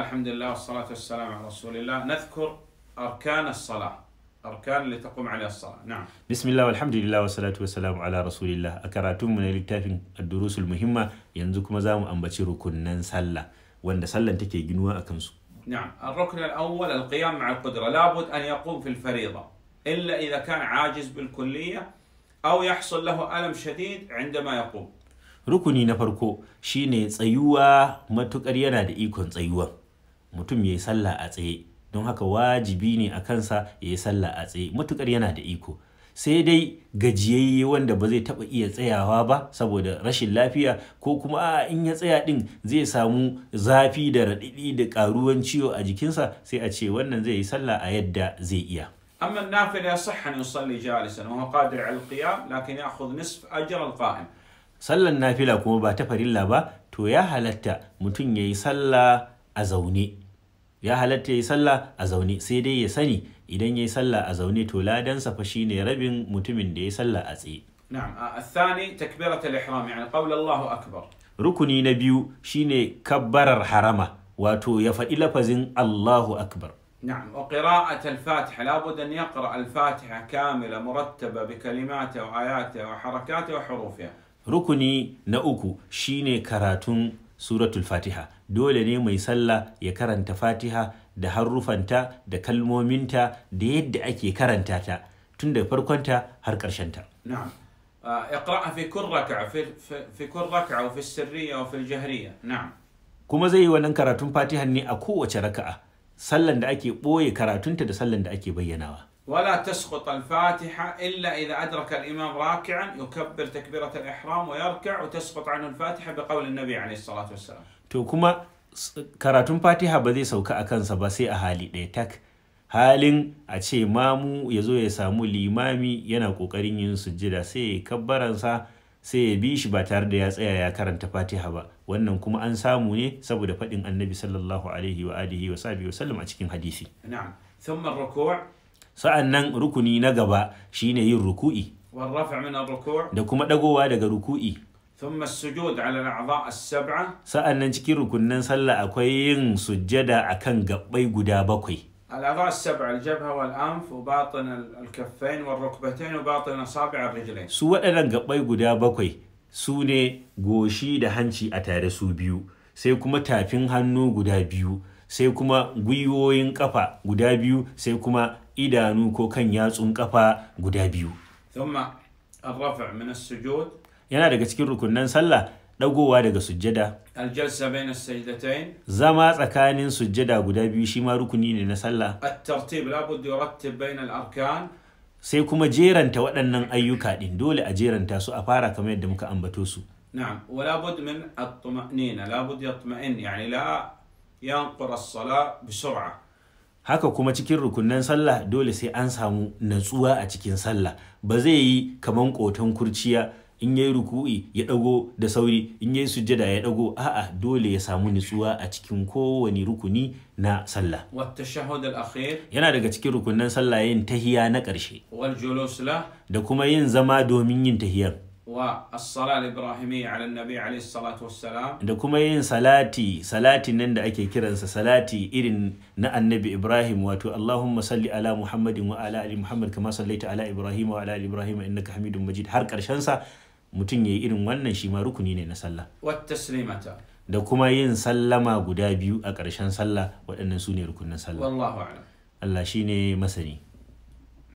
الحمد لله والصلاة والسلام على رسول الله نذكر أركان الصلاة أركان اللي تقوم عليها الصلاة نعم بسم الله والحمد لله والصلاة والسلام على رسول الله أكراتم من الكتاب الدروس المهمة ينزكم زام أم بشروا كنن صلى وأن صلى تكي جنوا أكنسو نعم الركن الأول القيام مع القدرة لابد أن يقوم في الفريضة إلا إذا كان عاجز بالكلية أو يحصل له ألم شديد عندما يقوم ركني نفركو شيني تسيوا ما تكريانا دي إيكون تسيوا mutum ya yi sallah a tsaye don haka wajibi ne a kansa ya yi sallah a tsaye matukar yana da iko sai dai gajiyayye wanda ba zai taba iya tsayawa ba saboda rashin lafiya ko kuma a in ya tsaya ɗin zai samu zafi da raɗiɗi da ƙaruwan ciwo a jikinsa sai a ce wannan zai yi sallah a yadda zai iya أما nafila يصح أن يصلي جالسا وهو قادر على القيام لكن يأخذ نصف أجر القائم صلى النافلة كما باتفر الله با تو يا هلتا متن يصلى أزوني ya halatta ya sallah a zaune sai dai ya sani idan ya yi sallah a zaune to ladansa fa shine rabin mutumin da ya sallah a tsaye na'am الثاني تكبيرة الإحرام يعني قول الله أكبر rukuni na biyu shine kabbarar harama wato ya faɗi lafazin Allahu akbar نعم وقراءة الفاتحة لابد أن يقرأ الفاتحة كاملة مرتبة بكلماتها وآياتها وحركاتها وحروفها ركني نأكو شيني كراتون suratul fatiha dole ne mai sallah ya karanta fatiha da harufanta da kalmominta da yadda ake karanta ta tun da farkonta har ƙarshenta kuma zai yi wannan karatun fatihan ne a kowace raka'a sallan da ake ɓoye karatunta da sallan da ake bayyanawa ولا تسقط الفاتحة إلا إذا أدرك الإمام راكعا يكبر تكبيرة الإحرام ويركع وتسقط عنه الفاتحة بقول النبي عليه الصلاة والسلام to kuma karatun fatiha ba zai sauka a kansa ba sai a hali ɗaya tak halin a ce mamu ya zo ya samu limami yana ƙoƙarin yin sujjida sai ya kabbaransa sai ya bi shi ba tare da ya tsaya ya karanta fatiha ba wannan kuma an samu ne saboda faɗin annabi sallallahu alaihi wa alihi wa sahbihi wa sallam a cikin hadisi na'am thumma ruku' sa'annan rukuni na gaba shine yin ruku'i da kuma ɗagowa daga ruku'i ثم السجود على sa'annan cikin rukunin sallah akwai yin sujjada akan gabbai guda bakwai su waɗannan gaɓai guda bakwai su ne goshi da hanci a tare su biyu sai kuma tafin hannu guda biyu sai kuma gwiwoyin kafa guda biyu sai kuma idanu ko kan yatsun kafa guda biyu thumma min as-sujud yana daga cikin rukunnan sallah dagowa daga sujjada al-jalsa aljalsa as-sajdatayn zama tsakanin sujjada guda biyu shi ma rukuni ne na sallah at-tartib la budda yurattib baina al-arkan sai kuma jeranta waɗannan ayyuka din dole a jeranta su a fara kamar yadda muka ambato su na'am wala bud min at-tuma'nina la bud yatma'in yani la yanqura as-salah bi sur'ah haka kuma cikin rukunan sallah dole sai an samu natsuwa a cikin sallah ba zai yi kaman ƙoton kurciya in yayi ruku'i ya dago da sauri in yayi sujjada ya dago a'a dole ya samu nutsuwa a cikin kowane rukuni na sallah yana daga cikin rukunan sallah yin tahiya na ƙarshe da kuma yin zama domin yin tahiyar wa nabi da kuma yin salati salati nan da ake kiransa salati irin na annabi ibrahim wato allahumma salli ala muhammadin wa ala ali muhammad kama sallaita ala ibrahim wa ala ali ibrahim innaka hamidun majid har karshen sa mutum yi irin wannan shi ma rukuni ne na sallah da kuma yin sallama guda biyu a karshen sallah waɗannan su ne rukunin sallah Allah masani